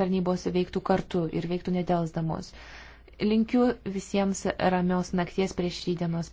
tarnybos veiktų kartu ir veiktų nedelsdamos. Linkiu visiems ramios nakties prieš rydienos